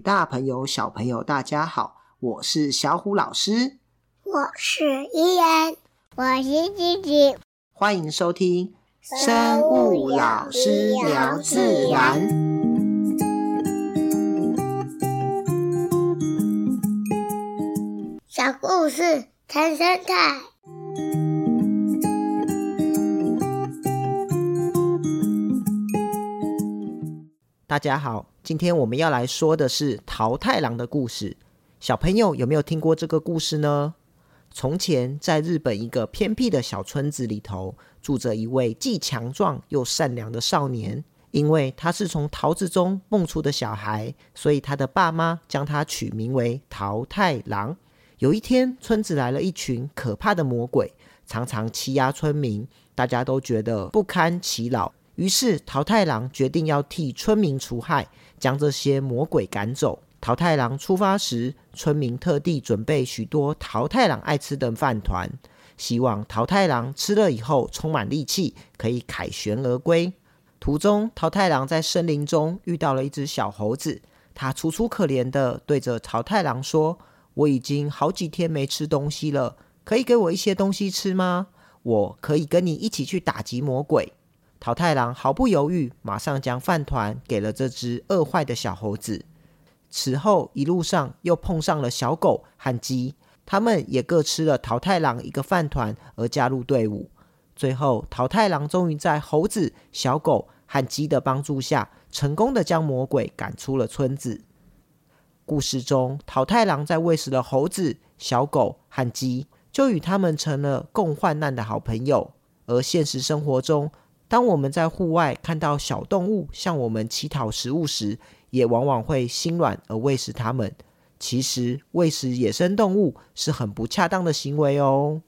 大朋友、小朋友，大家好！我是小虎老師，我是依恩，我是吉吉，歡迎收聽《生物老師聊自然》小故事談生態。大家好。今天我們要來說的是桃太郎的故事。小朋友有沒有聽過這個故事呢？從前，在日本一個偏僻的小村子裡頭，住着一位既強壯又善良的少年。因為他是從桃子中蹦出的小孩，所以他的爸媽將他取名為桃太郎。有一天，村子來了一群可怕的魔鬼，常常欺壓村民，大家都覺得不堪其擾。於是桃太郎決定要替村民除害，將這些魔鬼趕走。桃太郎出發時，村民特地準備許多桃太郎愛吃的飯糰，希望桃太郎吃了以後充滿力氣，可以凱旋而歸。途中，桃太郎在森林中遇到了一只小猴子，它楚楚可憐地對着桃太郎說：“我已經好幾天沒吃東西了，可以給我一些東西吃嗎？我可以跟你一起去打擊魔鬼。”桃太郎毫不猶豫，馬上將飯糰給了這隻餓壞的小猴子。此後，一路上又碰上了小狗和雞，他們也各吃了桃太郎一個飯糰，而加入隊伍。最後，桃太郎終於在猴子、小狗和雞的幫助下，成功的將魔鬼趕出了村子。故事中，桃太郎在餵食了猴子、小狗和雞，就與他們成了共患難的好朋友。而現實生活中，當我們在戶外看到小動物向我們乞討食物時，也往往會心軟而餵食它們。其實，餵食野生動物是很不恰當的行為哦。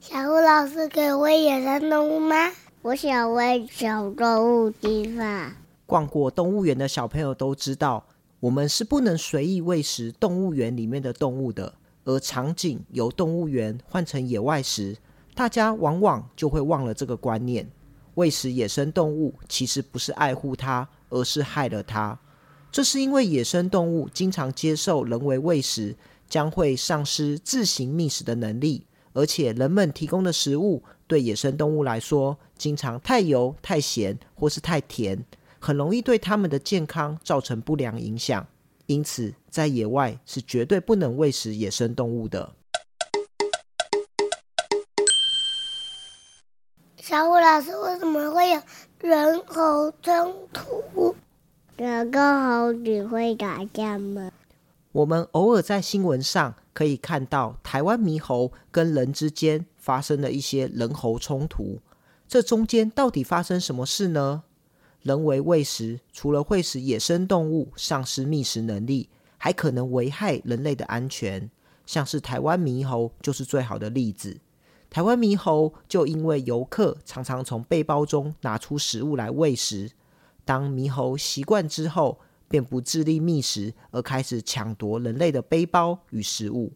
小虎老師，可以餵野生動物嗎？我想餵小動物吃飯。逛過動物園的小朋友都知道，我們是不能隨意餵食動物園裡面的動物的。而場景由動物園換成野外時，大家往往就會忘了這個觀念。餵食野生動物其實不是愛護它，而是害了它。這是因為野生動物經常接受人為餵食，將會喪失自行覓食的能力。而且，人們提供的食物對野生動物來說，經常太油、太鹹或是太甜，很容易對它們的健康造成不良影響。因此，在野外是絕對不能餵食野生動物的。小虎老師，為什麼會有人猴衝突？兩個猴子會打架嗎？我們偶爾在新聞上可以看到台灣獼猴跟人之間發生了一些人猴衝突，這中間到底發生什麼事呢？人為餵食除了會使野生動物喪失覓食能力。還可能危害人類的安全，像是台灣獼猴就是最好的例子。台灣獼猴就因為遊客常常從背包中拿出食物來餵食，當獼猴習慣之後，便不自力覓食，而開始搶奪人類的背包與食物。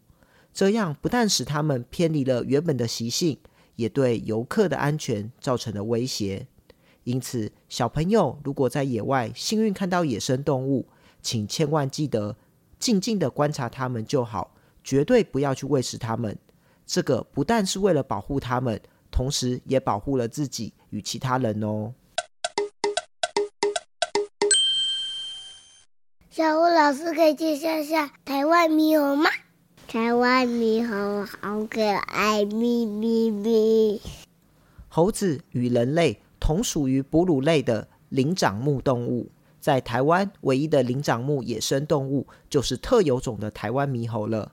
這樣不但使它們偏離了原本的習性，也對遊客的安全造成了威脅。因此，小朋友如果在野外幸運看到野生動物，請千萬記得。靜靜的觀察它們就好，絕對不要去餵食它們。這個不但是為了保護它們，同時也保護了自己與其他人哦。小虎老師可以介紹一下台灣獼猴嗎？台灣獼猴好可愛，咪咪咪。猴子與人類同屬於哺乳類的靈長目動物。在台灣，唯一的靈長目野生動物就是特有種的台灣獼猴了。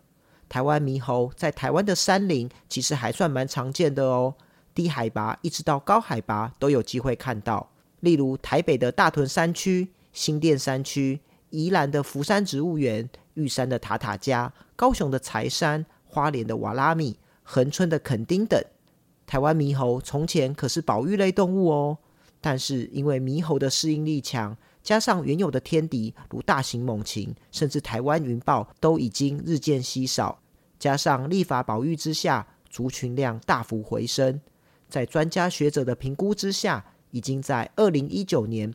台灣獼猴在台灣的山林其實還算蠻常見的哦，低海拔一直到高海拔都有機會看到。例如台北的大屯山區、新店山區、宜蘭的福山植物園、玉山的塔塔加、高雄的柴山、花蓮的瓦拉米、恆春的墾丁等。台灣獼猴從前可是保育類動物哦，但是因為獼猴的適應力強，加上原有的天敵，如大型猛禽，甚至台灣雲豹都已經日漸稀少，加上立法保育之下，族群量大幅回升，在專家學者的評估之下，已經在2019年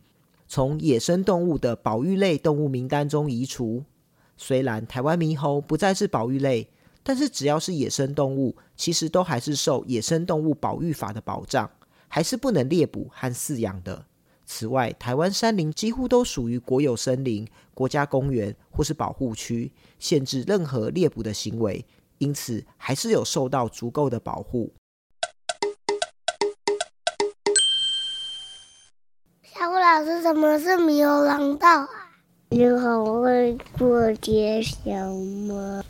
從野生動物的保育類動物名單中移除。雖然台灣獼猴不再是保育類，但是只要是野生動物，其實都還是受《野生動物保育法》的保障，還是不能獵捕和飼養的。此外，台灣山林幾乎都屬於國有森林、國家公園或是保護區，限制任何獵捕的行為，因此還是有受到足夠的保護。小虎老師，什麼是獼猴廊道啊？獼猴會過節嗎？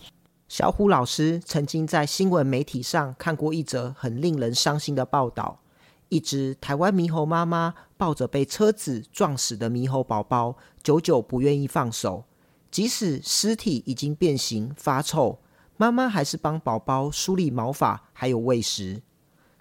小虎老師曾經在新聞媒體上看過一則很令人傷心的報道，一隻台灣獼猴媽媽。抱着被車子撞死的獼猴寶寶，久久不願意放手。即使屍體已經變形發臭，媽媽還是幫寶寶梳理毛髮，還有餵食。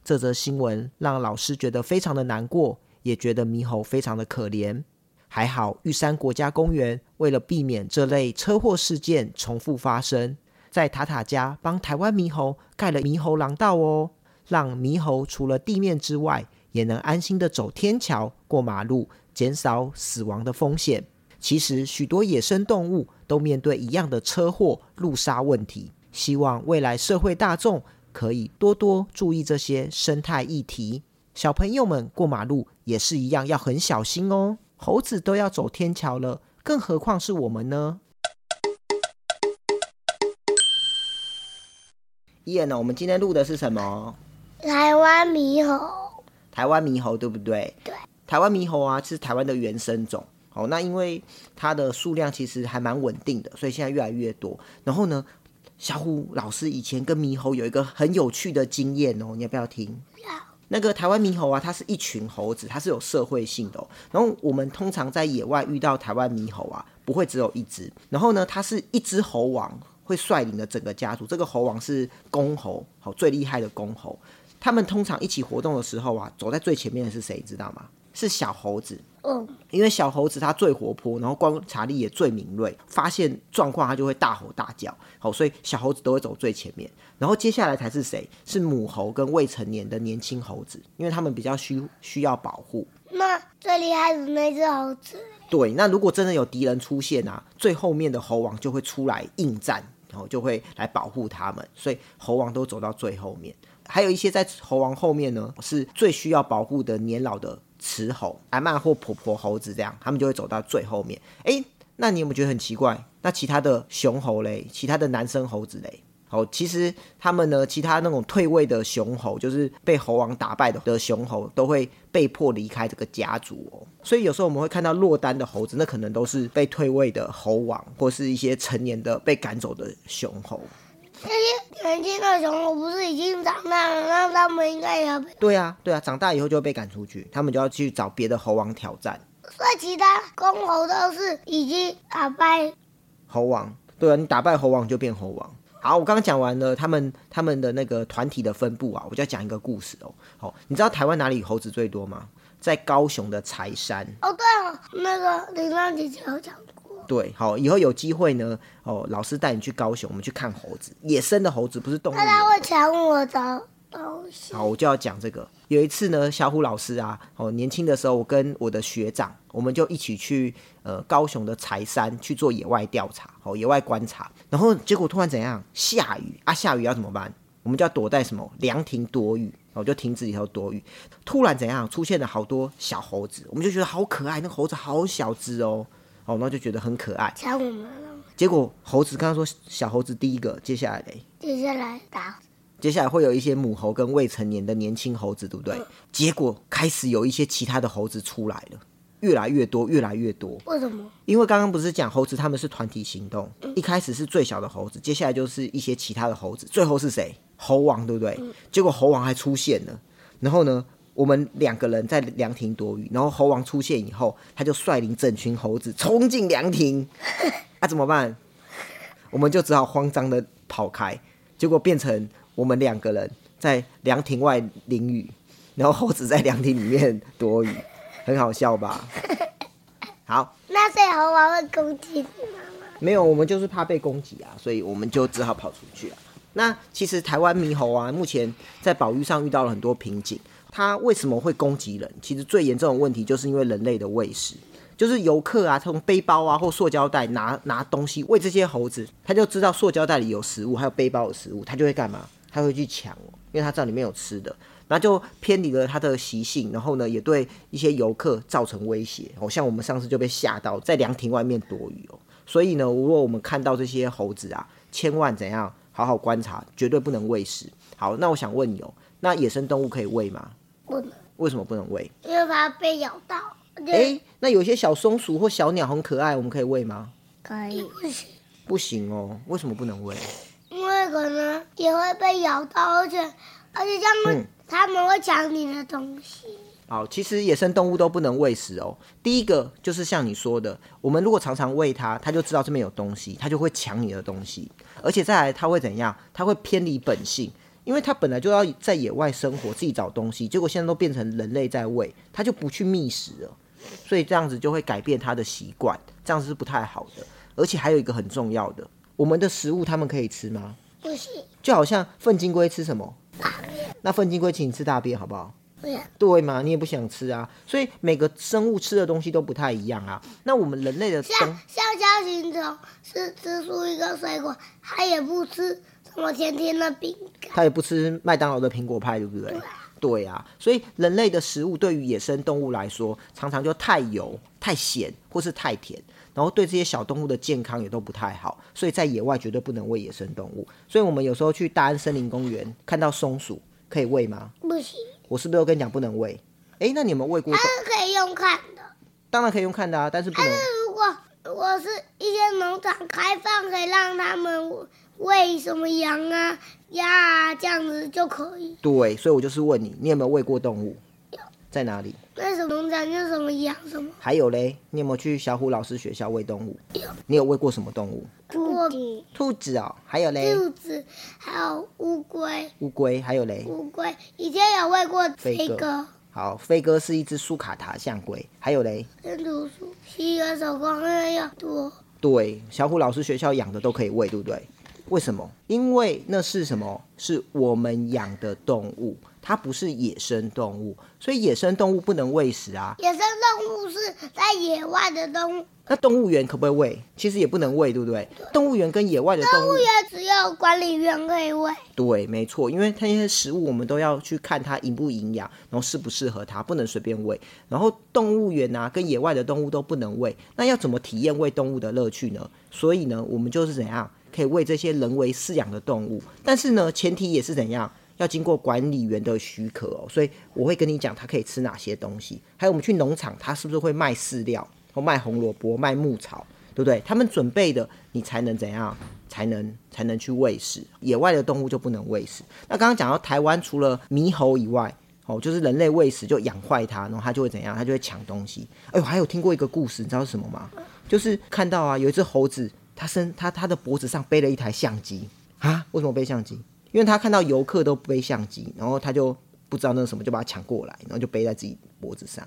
這則新聞讓老師覺得非常的難過，也覺得獼猴非常的可憐。還好玉山國家公園為了避免這類車禍事件重複發生，在塔塔加幫台灣獼猴蓋了獼猴廊道哦，讓獼猴除了地面之外。也能安心的走天橋過馬路，減少死亡的風險。其實許多野生動物都面對一樣的車禍路殺問題。希望未來社會大衆可以多多注意這些生態議題。小朋友們過馬路也是一樣，要很小心哦。猴子都要走天橋了，更何況是我們呢？伊恩呢、哦？我們今天錄的是什麼？台灣獼猴。台灣獼猴對不對？對。台灣獼猴啊，是台灣的原生種。哦，那因為它的數量其實還蠻穩定的，所以現在越來越多。然後呢，小虎老師以前跟獼猴有一個很有趣的經驗哦，你要不要聽？要。那個台灣獼猴啊，它是一群猴子，它是有社會性的哦。然後我們通常在野外遇到台灣獼猴啊，不會只有一隻。然後呢，它是一隻猴王會率領的整個家族，這個猴王是公猴，好，最厲害的公猴。他們通常一起活動的時候啊，走在最前面的是誰？你知道嗎？是小猴子。嗯。因為小猴子它最活潑，然後觀察力也最敏銳，發現狀況它就會大吼大叫。好，所以小猴子都會走最前面。然後接下來才是誰？是母猴跟未成年的年輕猴子，因為他們比較需需要保護。那最厲害的那隻猴子？對。那如果真的有敵人出現啊，最後面的猴王就會出來應戰，然後就會來保護他們。所以猴王都走到最後面。還有一些在猴王後面呢，是最需要保護的年老的雌猴、阿嬤或婆婆猴子，這樣他們就會走到最後面。哎、欸，那你有沒有覺得很奇怪？那其他的雄猴嘞？其他的男生猴子嘞？哦，其實他們呢，其他那種退位的雄猴，就是被猴王打敗的雄猴，都會被迫離開這個家族哦。所以有時候我們會看到落單的猴子，那可能都是被退位的猴王，或是一些成年的被趕走的雄猴。那些年輕的雄猴，不是已經長大了？那他們應該也要被……對啊，對啊，長大以後就會被趕出去，他們就要去找別的猴王挑戰。所以其他公猴都是已經打敗猴王？對啊，你打敗猴王就變猴王。好，我剛剛講完了他們他們的那個團體的分布啊，我就要講一個故事哦。好，你知道台灣哪裡猴子最多嗎？在高雄的柴山。哦，對了，那個鈴鐺姐姐，我講。對，好，以後有機會呢，哦，老師帶你去高雄，我們去看猴子，野生的猴子不是動物。它會搶我的東西。好，我就要講這個。有一次呢，小虎老師啊，哦，年輕的時候，我跟我的學長，我們就一起去呃高雄的柴山去做野外調查，哦，野外觀察。然後結果突然怎樣？下雨啊，下雨要怎麼辦？我們就要躲在什麼涼亭躲雨，哦，就亭子裡頭躲雨。突然怎樣？出現了好多小猴子，我們就覺得好可愛，那猴子好小只哦。哦，那就覺得很可愛。搶我們了。結果猴子剛剛說小猴子第一個，接下來嘞？接下來打。接下來會有一些母猴跟未成年的年輕猴子，對不對？結果開始有一些其他的猴子出來了，越來越多，越來越多。為什麼？因為剛剛不是講猴子他們是團體行動，一開始是最小的猴子，接下來就是一些其他的猴子，最後是誰？猴王，對不對？結果猴王還出現了，然後呢？我們兩個人在涼亭躲雨，然後猴王出現以後，他就率領整群猴子衝進涼亭，那、啊、怎麼辦？我們就只好慌張的跑開，結果變成我們兩個人在涼亭外淋雨，然後猴子在涼亭裡面躲雨，很好笑吧？好，那所以猴王會攻擊你嗎？沒有，我們就是怕被攻擊啊，所以我們就只好跑出去了，啊。那其實台灣獼猴啊，目前在保育上遇到了很多瓶頸。它為什麼會攻擊人？其實最嚴重的問題就是因為人類的餵食，就是遊客啊，從背包啊或塑膠袋拿拿東西餵這些猴子，他就知道塑膠袋裡有食物，還有背包有食物，他就會幹嘛？他會去搶，因為他知道裡面有吃的，那就偏離了他的習性，然後呢，也對一些遊客造成威脅。好，哦，像我們上次就被嚇到在涼亭外面躲雨哦。所以呢，如果我們看到這些猴子啊，千萬怎樣？好好觀察，絕對不能餵食。好，那我想問你哦，那野生動物可以餵嗎？不能，為什麼不能餵？因為怕被咬到。哎、欸，那有些小松鼠或小鳥很可愛，我們可以餵嗎？可以。不行。不行哦，為什麼不能餵？因為可能也會被咬到，而且而且這樣他們他們會搶你的東西、嗯。好，其實野生動物都不能餵食哦。第一個就是像你說的，我們如果常常餵它，它就知道這邊有東西，它就會搶你的東西。而且再來，它會怎樣？它會偏離本性。因為它本來就要在野外生活，自己找東西，結果現在都變成人類在餵，它就不去覓食了，所以這樣子就會改變它的習慣，這樣子是不太好的。而且還有一個很重要的，我們的食物他們可以吃嗎？不行。就好像糞金龜吃什麼？大、啊、便。那糞金龜請你吃大便好不好？便。對嘛，你也不想吃啊。所以每個生物吃的東西都不太一樣啊。那我們人類的像像甲蟲蟲是吃出一個水果，它也不吃。我甜甜的餅乾，他也不吃麥當勞的蘋果派，對不對？對啊，對啊，所以人類的食物對於野生動物來說，常常就太油、太鹹或是太甜，然後對這些小動物的健康也都不太好，所以在野外絕對不能餵野生動物。所以我們有時候去大安森林公園看到松鼠，可以餵嗎？不行。我是不是都跟你講不能餵？哎，那你們餵過？它是可以用看的，當然可以用看的啊。但是不能。但是如果我是一些農場開放，可以讓他們。餵什麼羊啊、鴨啊，這樣子就可以。對，所以我就是問你，你有沒有餵過動物？有。在哪裡？為什麼農場？就是什麼羊？什麼？還有嘞，你有沒有去小虎老師學校餵動物？有。你有餵過什麼動物？兔子豬。兔子哦，還有嘞。兔子，還有烏龜。烏龜還有嘞。烏龜以前有餵過誰哥？飛哥。好，飛哥是一隻蘇卡塔象龜。還有嘞。真讀書，吸二手光，要多。對，小虎老師學校養的都可以餵，對不對？為什麼？因為那是什麼？是我們養的動物，它不是野生動物，所以野生動物不能餵食啊。野生動物是在野外的動物，那動物園可不可以餵？其實也不能餵，對不對？對，動物園跟野外的動物，動物園只有管理員可以餵。對，沒錯，因為它那些食物我們都要去看它營不營養，然後適不適合它，不能隨便餵。然後動物園啊，跟野外的動物都不能餵，那要怎麼體驗餵動物的樂趣呢？所以呢，我們就是怎樣？可以餵這些人為飼養的動物，但是呢，前提也是怎樣，要經過管理員的許可哦、喔。所以我會跟你講，它可以吃哪些東西。還有我們去農場，它是不是會賣飼料或賣紅蘿蔔、賣牧草，對不對？他們準備的，你才能怎樣，才能才能去餵食。野外的動物就不能餵食。那剛剛講到台灣，除了獼猴以外，哦、喔，就是人類餵食就養壞它，然後它就會怎樣，它就會搶東西。哎呦，還有聽過一個故事，你知道是什麼嗎？就是看到啊，有一隻猴子。他身他他的脖子上背了一台相機啊？為什麼背相機？因為他看到遊客都背相機，然後他就不知道那什麼，就把它搶過來，然後就背在自己脖子上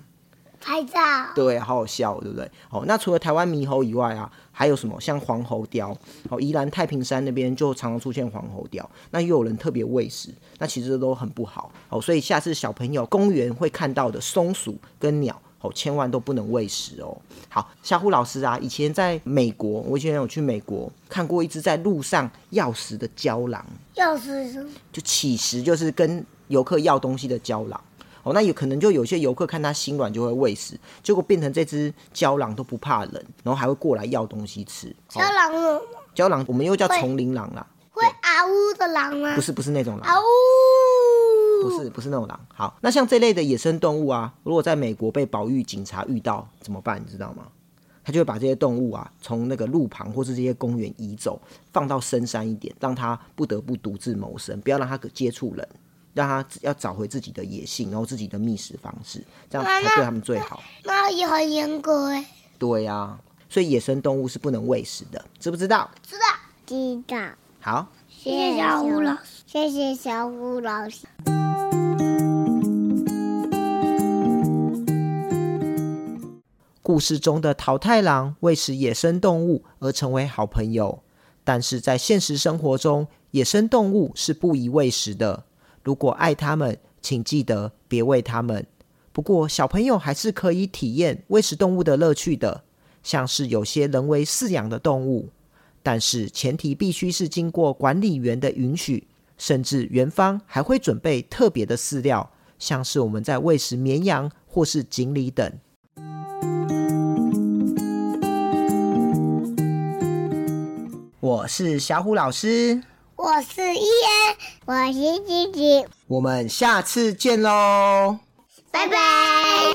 拍照。對，好好笑，對不對？哦，那除了台灣獼猴以外啊，還有什麼像黃喉貂？哦，宜蘭太平山那邊就常常出現黃喉貂。那又有人特別餵食，那其實都很不好。好，哦，所以下次小朋友公園會看到的松鼠跟鳥。哦，千萬都不能餵食哦。好，小虎老師啊，以前在美國，我以前有去美國看過一只在路上要食的郊狼，要食就乞食，就是跟遊客要東西的郊狼。哦，那有可能就有些遊客看他心軟，就會餵食，結果變成這只郊狼都不怕人，然後還會過來要東西吃。郊狼哦，郊狼我們又叫叢林狼啦，會啊嗚的狼啊？不是不是那種狼，不是不是那種狼。好，那像這類的野生動物啊，如果在美國被保育警察遇到怎麼辦？你知道嗎？他就會把這些動物啊從那個路旁或是這些公園移走，放到深山一點，讓他不得不獨自謀生，不要讓他接觸人，讓他要找回自己的野性，然後自己的覓食方式，這樣才對他們最好。那也很嚴格哎。對呀、啊，所以野生動物是不能餵食的，知不知道？知道，知道。好，謝謝小虎老師，謝謝小虎老師。故事中的桃太郎餵食野生動物而成為好朋友，但是在現實生活中，野生動物是不宜餵食的。如果愛他們，請記得別餵他們。不過，小朋友還是可以體驗餵食動物的樂趣的，像是有些人為飼養的動物，但是前提必須是經過管理員的允許，甚至園方還會準備特別的飼料，像是我們在餵食綿羊或是錦鯉等。我是小虎老師，我是伊恩，我是吉吉，我們下次見嘍，拜拜。